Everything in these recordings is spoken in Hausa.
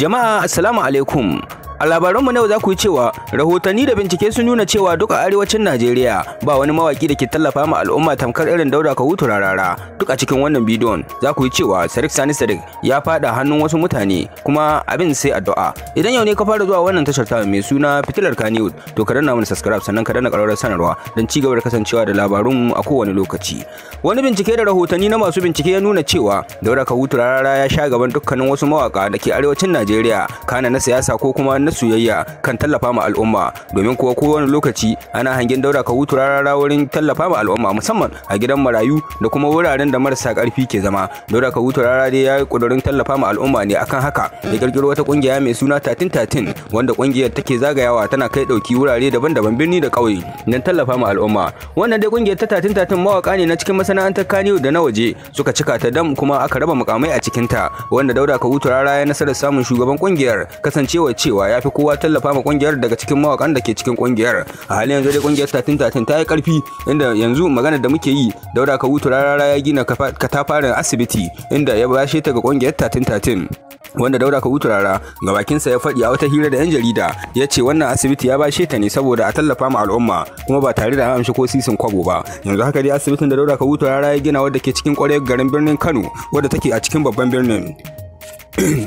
Jama'a Assalamu alaikum. A mu na yau za ku yi cewa rahotanni da bincike sun nuna cewa duk a arewacin Najeriya ba wani mawaki da ke tallafa ma al'umma tamkar irin Dauda Kahutu rarara. Duk a cikin wannan bidiyon za ku yi cewa Sadiq Sani Sadiq ya fada hannun wasu mutane kuma abin sai addu'a. Idan yau ne ka fara zuwa wannan tashar ta mai suna Fitilar Kaniwood to ka danna mana subscribe sannan ka danna ƙararrar sanarwa don ci gaba da kasancewa da labarun a kowane lokaci. Wani bincike da rahotanni na masu bincike ya nuna cewa Dauda hutu rarara ya sha gaban dukkanin wasu mawaka da ke arewacin Najeriya kana na siyasa ko kuma soyayya kan tallafa ma al'umma domin kuwa kowane lokaci ana hangen daura ka hutu rarara wurin tallafa ma al'umma musamman a gidan marayu da kuma wuraren da marasa karfi ke zama daura ka hutu rarara dai ya yi kudurin tallafa ma al'umma ne akan haka ya kirkiro wata kungiya mai suna tatin tatin wanda kungiyar take zagayawa tana kai dauki wurare daban-daban birni da ƙauye don tallafa ma al'umma wannan dai kungiyar ta tatin tatin mawaka ne na cikin masana'antar kaniyo da na waje suka cika ta dam kuma aka raba mukamai a cikinta wanda daura ka hutu rarara ya nasarar samun shugaban kungiyar kasancewa cewa ya tafi kowa tallafa ma kungiyar daga cikin mawakan da ke cikin kungiyar a halin yanzu dai kungiyar tatin tatin ta yi karfi inda yanzu magana da muke yi dauda kawutu rarara ya gina katafarin asibiti inda ya bashe ta ga kungiyar tatin tatin wanda daura ka rara ga bakinsa ya faɗi a wata hira da 'yan jarida ya ce wannan asibiti ya bashe ta ne saboda a tallafa ma al'umma kuma ba tare da amshi ko sisin kwabo ba yanzu haka dai asibitin da daura ka rara ya gina wadda ke cikin ƙwarewar garin birnin kano wadda take a cikin babban birnin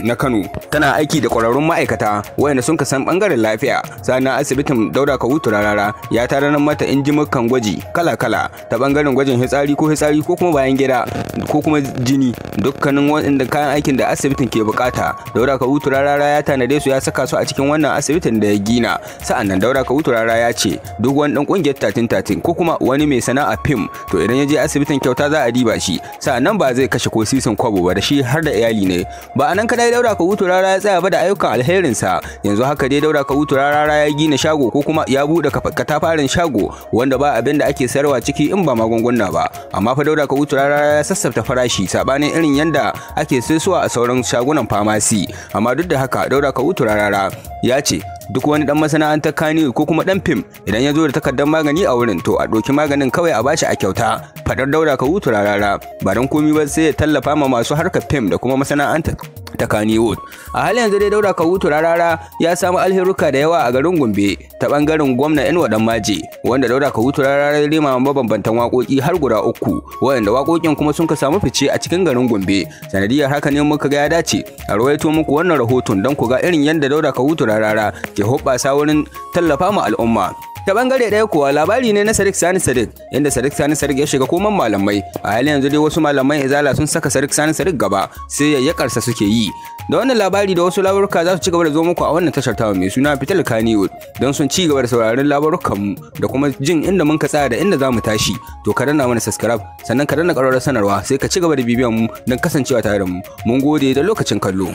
na Kano tana aiki da kwararrun ma'aikata wayanda sun ka san bangaren lafiya sannan asibitin Dauda Kawu Turarara ya nan mata injimukan gwaji kala-kala ta bangaren gwajin hitsari ko hitsari ko kuma bayan gida ko kuma jini dukkanin waɗanda kayan aikin da asibitin ke bukata Dauda Kawu Turarara ya tanade su ya saka su a cikin wannan asibitin da ya gina sa'annan Dauda Kawu Turarara ya ce duk wani dan kungiyar tatin tatin ko kuma wani mai sana'a fim to idan ya je asibitin kyauta za a diba shi sa'annan ba zai kashe ko sisin kwabo ba da shi har da iyali ne ba nan kadai Dauda wuto Rara ya tsaya ba da ayyukan alherinsa yanzu haka dai Dauda wuto Rara ya gina shago ko kuma ya bude katafarin shago wanda ba abin da ake sayarwa ciki in ba magunguna ba amma fa Dauda wuto Rara ya sassafta farashi sabanin irin yanda ake saisuwa a sauran shagunan famasi amma duk da haka Dauda wuto Rara ya ce duk wani dan masana'antar kani ko kuma dan fim idan ya zo da takardar magani a wurin to a ɗauki maganin kawai a bashi a kyauta fadar daura ka hutu rarara ba don komi ba sai ya tallafa ma masu harka fim da kuma masana'antar ta Kannywood. A halin yanzu dai Dauda hutu Rarara ya samu alheruka da yawa a garin Gombe ta bangaren gwamna Inuwa Danmaje wanda Dauda hutu Rarara ya rima mabambantan waƙoƙi har guda uku waɗanda waƙoƙin kuma sun ka samu fice a cikin garin Gombe. Sanadiyar haka ne muka ga ya dace a rawaito muku wannan rahoton don ku ga irin yadda Dauda hutu Rarara ke hoɓɓasa wurin tallafa ma al'umma. ta bangare ɗaya kuwa labari ne na Sadiq Sani Sadiq inda Sadiq Sani Sadiq ya shiga koman malamai a halin yanzu dai wasu malamai izala sun saka Sadiq Sani Sadiq gaba sai yayyakarsa suke yi da wannan labari da wasu labaruka za su ci gaba da zo muku a wannan tashar tawa mai suna Fitil Kaniwood don sun ci gaba da sauraron labarukan mu da kuma jin inda mun ka tsaya da inda za mu tashi to ka danna mana subscribe sannan ka danna ƙararrar sanarwa sai ka ci gaba da bibiyan mu don kasancewa tare da mu mun gode da lokacin kallo.